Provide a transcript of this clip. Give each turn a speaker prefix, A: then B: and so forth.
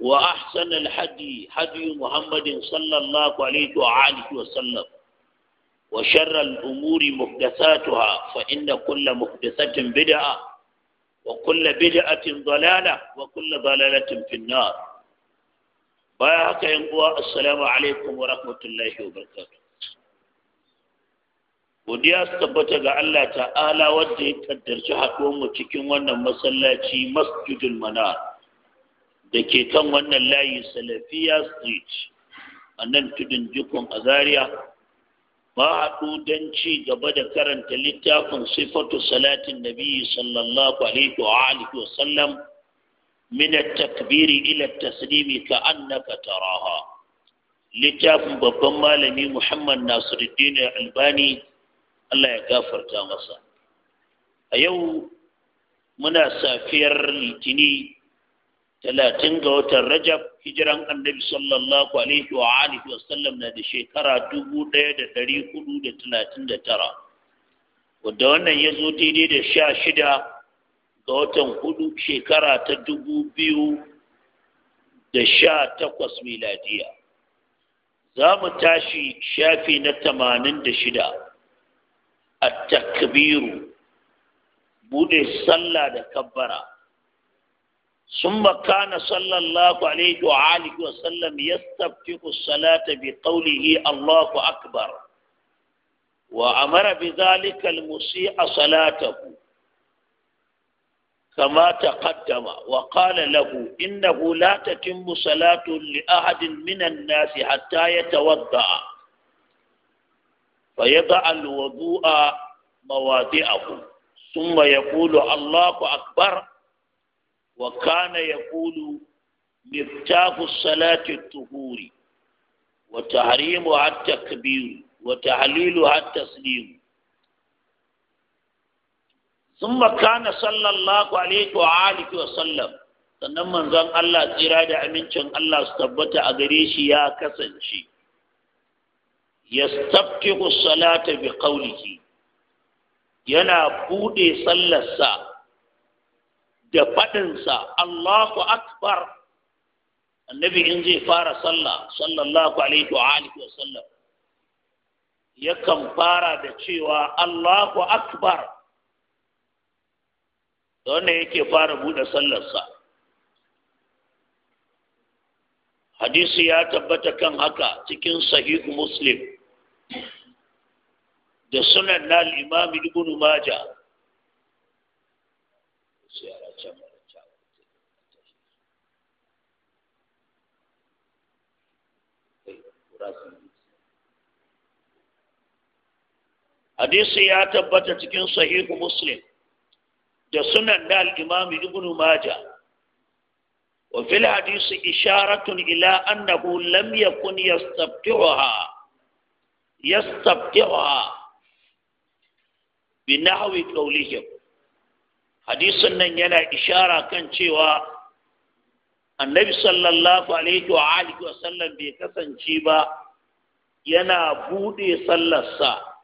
A: وأحسن الحدي حدي محمد صلى الله عليه وآله وسلم وشر الأمور محدثاتها فإن كل محدثة بدعة وكل بدعة ضلالة وكل ضلالة في النار بايعك ينقوى السلام عليكم ورحمة الله وبركاته godiya ya tabbata ga Allah ta'ala wadda ya kaddarci haɗuwar mu cikin wannan masallaci masjidul manar da ke kan wannan layi salafiya street a nan tudun jikon a zaria ba haɗu don ci gaba da karanta littafin sifatu salatin nabi sallallahu alaihi wa alihi sallam min takbiri ila taslimi ka annaka taraha littafin babban malami muhammad nasiruddin albani allah ya gafarta masa a yau muna safiyar litini talatin ga watan rajab hijiran annabi sallallahu alaihi wa alihi wa sallam na da shekara dubu ɗaya da ɗari hudu da talatin da tara wadda wannan ya zo daidai da sha shida ga watan hudu shekara ta dubu biyu da sha takwas miladiya za mu tashi shafi na tamanin da shida a takbiru buɗe sallah da kabbara ثم كان صلى الله عليه وآله وسلم يستفتح الصلاة بقوله الله أكبر وأمر بذلك المسيء صلاته كما تقدم وقال له إنه لا تتم صلاة لأحد من الناس حتى يتوضأ فيضع الوضوء مواضعه ثم يقول الله أكبر وكان يقول مفتاح الصلاة الطهور at-tuhuri wa tahrimu ثم كان صلى الله عليه وآله وسلم sannan manzon Allah tsira da amincin Allah su tabbata a gare shi ya kasance yastabtihu salata bi qawlihi yana bude sallarsa da faɗinsa Allahu Akbar annabi in zai fara sallah sallallahu alaihi wa sallam yakan fara da cewa Allahu Akbar wanda yake fara buɗe sallarsa hadisi ya tabbata kan haka cikin sahihu muslim da sunan na imam ibn maja hadisi ya tabbata cikin sahihu muslim da sunan da al ibn ibnu maja wa fil hadisi isharatun ila annahu lam yakun yastabtiha yastabtiha bi nahwi qawlihim hadisin nan yana ishara kan cewa annabi sallallahu alaihi wa alihi wa sallam bai kasance ba yana bude sallarsa